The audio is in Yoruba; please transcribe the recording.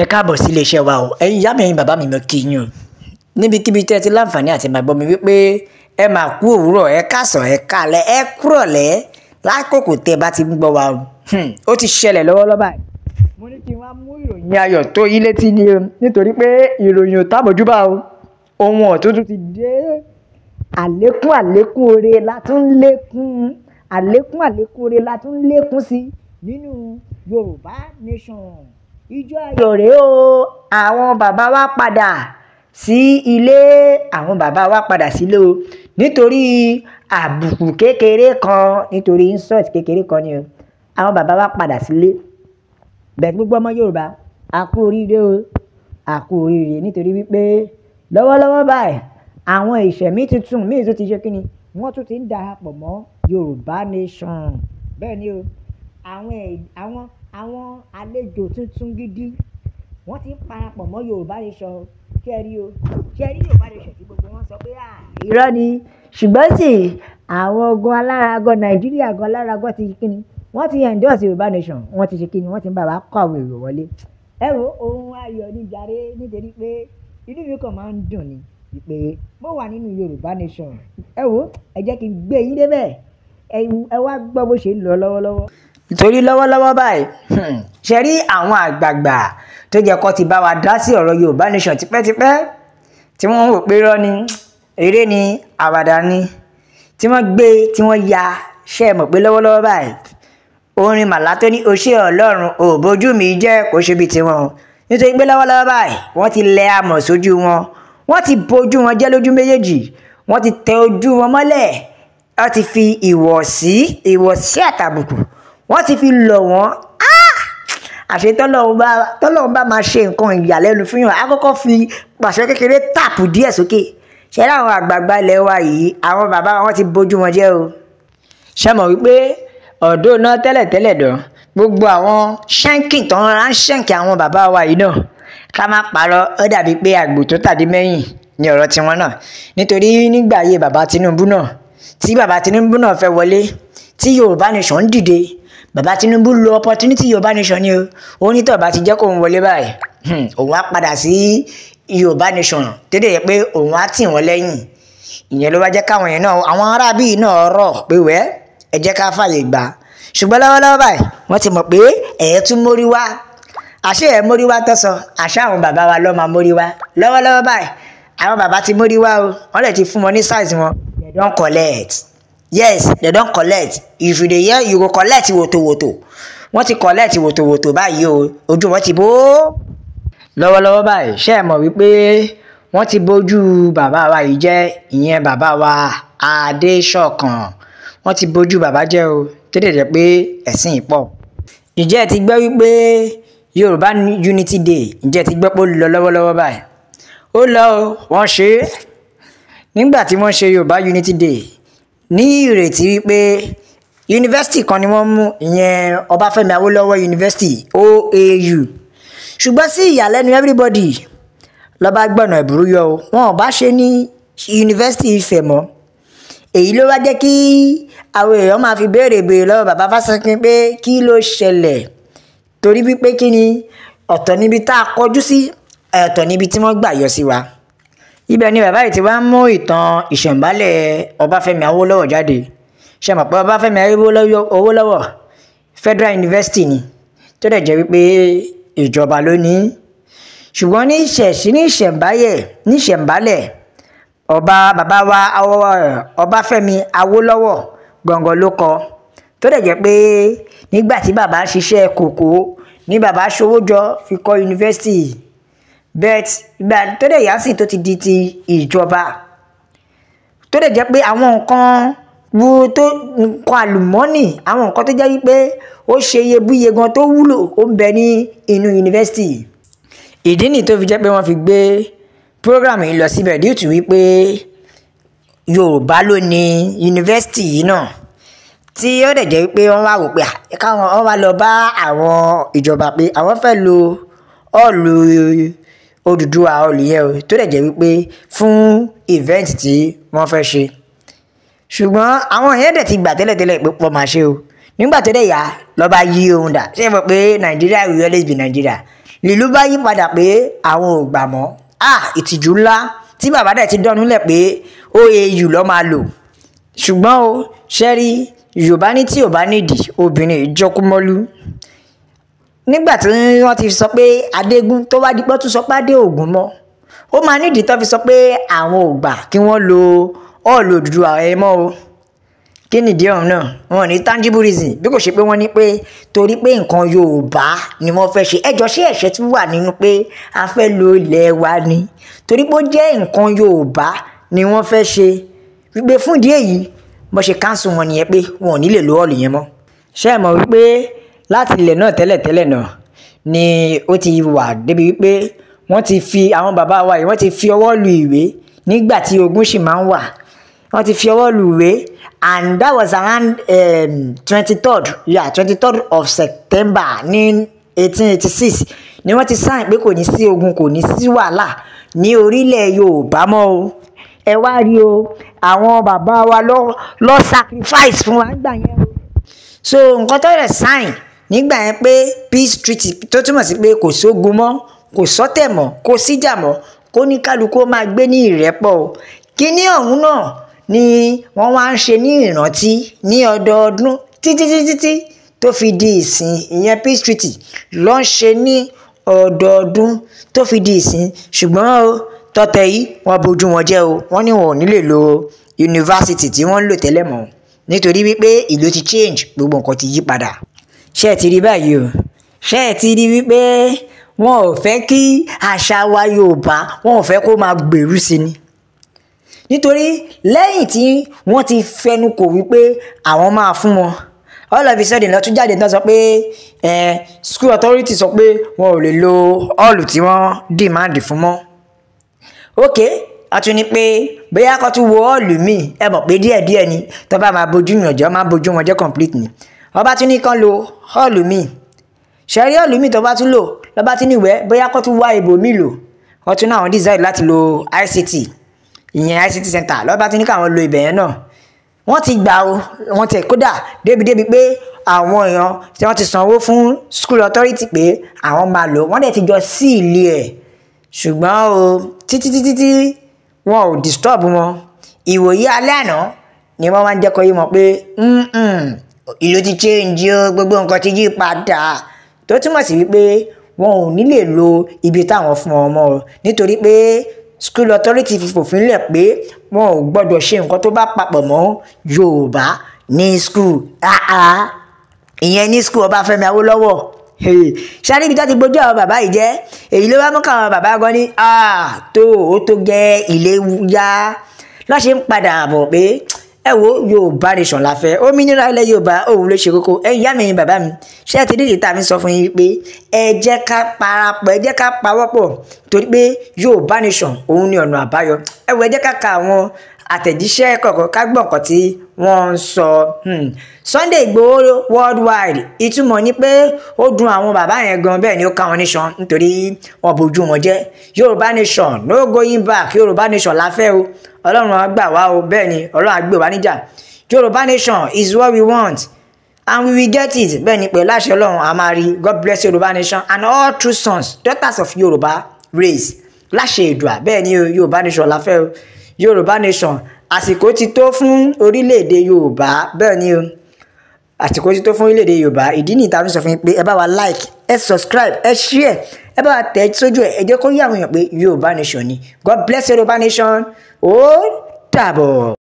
ẹ káàbọ̀ sí iléeṣẹ́ wa o ẹ̀yin ìyá mi ẹ̀yin bàbá mi mo kí yín o níbikíbi tẹ́ ẹ ti láǹfààní àti màgbọ́ mi wípé ẹ máa kú òwúrọ̀ ẹ káàsán ẹ káalẹ́ ẹ kúrọ̀lẹ́ lákòókò tẹ́ ẹ bá ti ń gbọ́ wa o hmm, ó ti ṣẹlẹ̀ lọ́wọ́lọ́wọ́ báyìí. mo ní kí n wá mú ìròyìn ayọ̀ tó yín létí ni nítorí pé ìròyìn ò tábòjúbà o ohun ọ̀tútù ti dé àlékún àlékún oore látún lékún àlékún àlékún oore látún lékún sí nínú Yorùbá Nation ìjọ ayọ̀ rèé o àwọn bàbá wa padà sí ilé àwọn bàbá wa padà sílé o nítorí àbùkù kékeré kan nítorí insult kékeré kan ni o àwọn bàbá wa padà sílé bẹ́ẹ̀ gbogbo ọmọ Yorùbá a kú oríire o a kú oríire nítorí wípé lọ́wọ́lọ́wọ́ báyìí àwọn ìṣẹ̀mí tuntun míì tó ti ṣe kí ni wọ́n tún ti ń darapọ̀ mọ́ Yorùbá nation bẹ́ẹ̀ ni o àwọn àwọn àwọn àlejò tuntun gidi wọ́n ti ń parapọ̀ mọ́ Yorùbá Nation kí ẹ rí o kí ẹ rí Yorùbá Nation tí gbogbo wọn sọ pé à irọ́ ni ṣùgbọ́n sì àwọn ogun aláragan Nàìjíríà gan aláragan ti kíni wọ́n ti endorse Yorùbá Nation wọ́n ti ṣe kíni wọ́n ti ń bá wa kọ́ àwọn èrò wọlé ẹ wo ohun ayọ̀ ní jàre nítorí pé inú mi kàn máa ń dùn ni pé mo wà nínú Yorùbá Nation ẹ wo ẹ jẹ́ kí n gbé yín débẹ̀ ẹ wá gbọ́ bó ṣe ń lọ lọ́wọ́lọ́wọ́ nítorí lọ́wọ́lọ́wọ́ báyìí hmm, ṣe rí àwọn àgbààgbà tó jẹ́ kó ti bá wa dá sí ọ̀rọ̀ Yorùbá Nation tipẹ́tipẹ́ tí wọ́n ń wò pé irọ́ ni eré ni àwàdà ni tí wọ́n gbé tí wọ́n ya ṣe é mọ̀ pé lọ́wọ́lọ́wọ́ báyìí orin màlá tó ní oṣé Ọlọ́run ò bójú mi jẹ́ kó ṣe bíi tiwọn nítorí pé lọ́wọ́lọ́wọ́ báyìí wọ́n ti lẹ amọ̀ sójú wọn wọ́n ti bojú wọn jẹ́ lójú méjèèjì wọ́n ti tẹ ojú wọn mọ́lẹ̀ wọ́n ti fi ìwọ̀sí ìwọ̀sí àtàbùkù wọ́n ti fi lọ̀ wọ́n ah! àṣẹ tọ́lọ́run bá máa ṣe nǹkan ìyàlẹ́nu fún yàn á kọ́kọ́ fi pàṣẹ kékeré tààpù díẹ̀ sókè ṣe láwọn àgbààgbà ilẹ̀ wa yìí àwọn bàbá wọn ti bójú wọn jẹ́ o. ṣe mọ̀ wípé ọ̀dọ́ náà tẹ́lẹ̀tẹ́lẹ̀ dán gbogbo àwọn ṣẹ́ǹkì tó ń ra ń ṣẹ́ǹkì àwọn bàbá wa yìí náà ká má parọ́ ó dàbí pé àgbò tó tàdí mẹ́yìn ni ọ̀rọ̀ tiwọn náà nítorí nígbà ayé bàbá Tinubu náà tí bàbá Tinubu náà fẹ́ wọlé tí Yorùbá nation dìde bàbá Tinubu lo opportunity Yorùbá nation ni o ó ní tọ́ba ti jẹ́ kó òun wọlé báyìí hmm, òun á padà sí Yorùbá nation tẹ́lẹ̀ yẹ pé òun á tì wọ́n lẹ́yìn ìyẹn ló wá jẹ́ káwọn yẹn náà àwọn aráàbí náà rọ̀ pé wẹ́ ẹ jẹ́ ká fàyè gbà ṣùgbọ́n lọ́wọ́lọ́wọ́ báyìí wọ́n ti mọ̀ pé ẹ̀ tún mórí wá àṣé ẹ̀ mórí wá tọ́sọ àṣé àwọn bàbá wa ló máa mórí wá lọ́wọ́lọ́wọ́ báyìí àwọn bàbá ti mórí wá o wọ́n lè ti fún wọn ní size wọn they don collect yes dem don collect if you dey hear you go collect wotowoto wọ́n ti collect wotowoto báyìí o ojú wọn ti bò ó. lọ́wọ́lọ́wọ́ báyìí ṣé ẹ mọ̀ wípé wọ́n ti bójú bàbá wa yìí jẹ́ ìyẹn bàbá wa Adéṣọ̀kan wọ́n ti bójú bàbá jẹ́ o tó dẹ̀ jẹ́ pé ẹ̀sìn ìpọ̀. ǹjẹ́ ẹ ti gbọ́ wípé Yorùbá Unity Day ǹjẹ́ ẹ ti gbọ́ pé ó lọ lọ́wọ́lọ́wọ́ báyìí ó lọ wọ́n ṣe é nígbà tí wọ́n ṣe Yorùbá Unity Day ní ìrètí wípé yunifásitì kan ni wọ́n mú ìyẹn ọbáfẹ́mi awólọ́wọ̀ yunifásitì oau ṣùgbọ́n sí ìyàlẹ́nu everybody lọ́ba gbọ̀nà ìbúrú yọ o wọn ò bá ṣe ní yunifásitì ìfẹ́ mọ́ èyí ló wá jẹ́ kí àwọn èèyàn máa fi béèrè béèrè lọ́wọ́ bàbá fásakin pé kí ló ṣẹlẹ̀ torí wípé kí ni ọ̀tọ̀ níbi tá a kọjú sí ọ̀tọ̀ níbi tí wọ́n gbà yọ sí wa ibẹ̀ ni bàbá yìí ti wá ń mú ìtàn ìṣẹ̀ǹbálẹ̀ ọbáfẹ́mi awólọ́wọ̀ jáde ṣe mọ̀ pé ọbáfẹ́mi awólọ́wọ̀ federal university ni tó dẹ̀ jẹ́ wípé ìjọba ló ní ṣùgbọ́n ní ìṣẹ̀ṣí ní ìṣẹ̀ǹbáyẹ̀ ní ìṣẹ̀ǹbálẹ̀ ọba bàbá wa ọbáfẹ́mi awólọ́wọ̀ gbọ̀ngàn ló kọ tó dẹ̀ jẹ́ pé nígbà tí bàbá ṣiṣẹ́ kòkó ní bàbá ṣowó jọ fi kọ́ yunifásitì bet ìgbà tó dẹ̀ yá sí tó ti di ti ìjọba tó dẹ̀ jẹ́ pé àwọn nǹkan wo tó nǹkan àlùmọ́ọ́nì àwọn nǹkan tó jẹ́ wípé ó ṣe iyebíye gan tó wúlò ó ń bẹ ni inú yunifásitì ìdí nìyí tó fi jẹ́ pé wọ́n fi gbé program yìí lọ síbẹ̀ due to wípé yorùbá ló ní yunifásitì yìí náà tí ó dẹ̀ jẹ́ pé wọ́n wá wò pé káwọn wá lọ bá àwọn ìjọba pé àwọn fẹ́ lo ọ̀ọ́lù Odùduwà olùyẹ o tó dẹ̀ jẹ́ wípé fún event tí wọ́n fẹ́ ṣe ṣùgbọ́n àwọn èèyàn dẹ̀ ti gbà tẹ́lẹ̀tẹ́lẹ̀ pé pọ̀ máa ṣe o nígbà tó dẹ̀ yá lọ́ba yí ohun dà ṣé mọ̀ pé Nàìjíríà will always be Nàìjíríà lílú bá yí padà pé àwọn ò gbà mọ́ ah ìtìjú ńlá tí bàbá dẹ̀ ti dọ́nu lẹ̀ pé OAU lọ́ máa lò ṣùgbọ́n o ṣẹ́rí Yorùbá ní tí ò bá nídìí obìnrin ìjọkúmọ́lú nígbà tí wọ́n ti sọ pé adégún tó wá dípọ́ tún sọ pé adé ògún mọ́ ó máa nídìí tó fi sọ pé àwọn ò gbà kí wọ́n lo ọ̀ọ́lù Odùduwà ẹ mọ́ o kí nìdí ọ̀hún náà wọn ní tangible reason bí kò ṣe pé wọ́n ní pé torí pé nǹkan Yorùbá ni wọ́n fẹ́ ṣe ẹjọ́ ṣé ẹ̀ṣẹ̀ tún wà nínú pé a fẹ́ lo ilẹ̀ wa ni torí pé ó jẹ́ nǹkan Yorùbá ni wọ́n fẹ́ ṣe wípé fún ìdí èyí bó ṣe cancel wọn nìyẹn pé wọn ò ní lè lo ọ̀ọ́lù yẹn mọ́ ṣé ẹ mọ̀ wípé láti ilẹ̀ náà tẹ́lẹ̀tẹ́lẹ̀ náà ni ó ti wà débi wípé wọ́n ti fi àwọn bàbá wa yìí wọ́n ti fi ọwọ́ lu ìwé nígbà tí ogun sì máa ń wà wọ́n ti fi ọwọ́ lu ìwé and that was around twenty um, third yeah twenty third of September ní eighteen eighty six ni wọ́n ti sáìn pé kò ní sí ogun kò ní sí wàhálà ní orílẹ̀ Yorùbá mọ́ o ẹ wá rí o àwọn bàbá wa lọ sacrifice fún wa gbà yẹn o so nǹkan tó yẹ sáìn nígbà yẹn pé peace treaty tó túmọ̀ sí pé kò sógun mọ́ kò sọ́tẹ̀ mọ́ kò síjà mọ́ kó ní kálukú máa gbé ní ìrẹ́pọ̀ o kíní ọ̀hún náà ni wọ́n wá ń ṣe ní ìrántí ní ọdọọdún títí tó fi di ìsìn ìyẹn peace treaty ló ń ṣe ní ọdọọdún tó fi di ìsìn ṣùgbọ́n o tọ́tẹ̀ yìí wọ́n bójú wọn jẹ́ o wọ́n ní wọn ò ní lè lo yunifásitì tí wọ́n ń lò tẹ́lẹ̀ mọ́ nítorí wípé ìlú ti change gbogbo nǹkan ti yí padà ṣé ẹ ti rí báyìí o ṣé ẹ ti rí wípé wọn ò fẹ́ kí àṣà wa Yorùbá wọn ò fẹ́ kó máa gbèrú sí ni nítorí lẹ́yìn tí wọ́n ti fẹnu kò wípé àwọn máa fún wọn all of a sudden lọ́tún jáde náà sọ pé school authority sọ pé wọn ò lè lo hall tí wọ́n dìmáàdì fún mọ́ ok a tún ní pé bóyá kó tún wo hall míì ẹ mọ̀ pé díẹ̀díẹ̀ ni tó bá máa bójú yànjọ́ máa bójú wọn jẹ́ complete ni ọba tún ní kan lo họ́ọ̀lù mi ṣẹ́rí họ́ọ̀lù mi tó bá tún lò lọ́ba tún níwẹ̀ bóyá kó tún wá ìbò mi lò wọ́n tún náà wọ́n design láti lo ICT ìyẹn ICT center lọ́ba tún ní káwọn lo ibẹ̀ yẹn náà wọ́n ti gbà o wọ́n tẹ̀ kódà débìdébì pé àwọn èèyàn tí wọ́n ti sanwó fún school authority pé àwọn máa lò wọ́n dẹ̀ ti jọ sí ilé ẹ̀ ṣùgbọ́n o títí títí tí wọn ò disturb wọn ìwòye alẹ́ àná ni wọ́n wá ń jẹ́ kó yé wọn pé ìlú ti change o gbogbo nǹkan ti yí padà tó túmọ̀ sí wípé wọn ò ní lè lo ibi táwọn fún ọmọ nítorí pé school authority fi fòfin lẹ̀ pé wọn ò gbọ́dọ̀ ṣe nǹkan tó bá papọ̀ mọ́ Yorùbá ní school ìyẹn ní school Ọbáfẹ́mi Awólọ́wọ̀ ṣáà níbi tó ti gbójú àwọn bàbá yìí jẹ́ èyí ló bá mú káwọn bàbá gan ní tó ó tó jẹ́ ìléwu yá lọ́ọ́ ṣe ń padà bọ̀ pé ẹ wo yorùbá nation la fẹ́ òmìnira ilẹ̀ yorùbá òun ló ṣe kókó ẹ ìyá mi bàbá mi ṣé ẹ ti dídì tá a mi sọ fún yín pé ẹ jẹ́ ká parapọ̀ ẹ jẹ́ ká pawọ́pọ̀ torí pé yorùbá nation òun ni ọ̀nà àbáyọ ẹ wo ẹ jẹ́ ká ka àwọn àtẹ̀jíṣẹ́ kọ̀ọ̀kan ká gbọ́ nǹkan tí wọ́n ń sọ hmm. Sunday Igboho worldwide ìtumọ̀ ni pé ó dùn àwọn bàbá yẹn gan bẹ́ẹ̀ ni ó ká wọn nation nítorí wọn bójú wọn jẹ́ Yorùbá nation no going back Yorùbá nation la fẹ́ o ọlọ́run á gbà wá o bẹ́ẹ̀ ni ọlọ́run á wá níjà Yorùbá nation is what we want and we will get it bẹ́ẹ̀ ni pẹ̀lú àṣẹ ọlọ́run a máa rí God bless Yorùbá nation and all true sons daughters of Yorùbá race láṣẹ Èdùà bẹ́ẹ̀ ni Yorùbá nation la o yorùbá nation àsìkò ti tó fún orílẹ̀-èdè yorùbá bẹ́ẹ̀ ni o àsìkò ti tó fún orílẹ̀-èdè yorùbá ìdí nìyí tá a fi sọ fún yín pé ẹ bá wa like ẹ subscribe ẹ share ẹ bá wa tẹ̀ sójú ẹ ẹ jẹ́ kó yé àwọn èèyàn pé yorùbá nation ni god bless yorùbá nation ó dàbọ̀.